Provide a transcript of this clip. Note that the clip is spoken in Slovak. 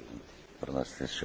presidente. Buenas noches.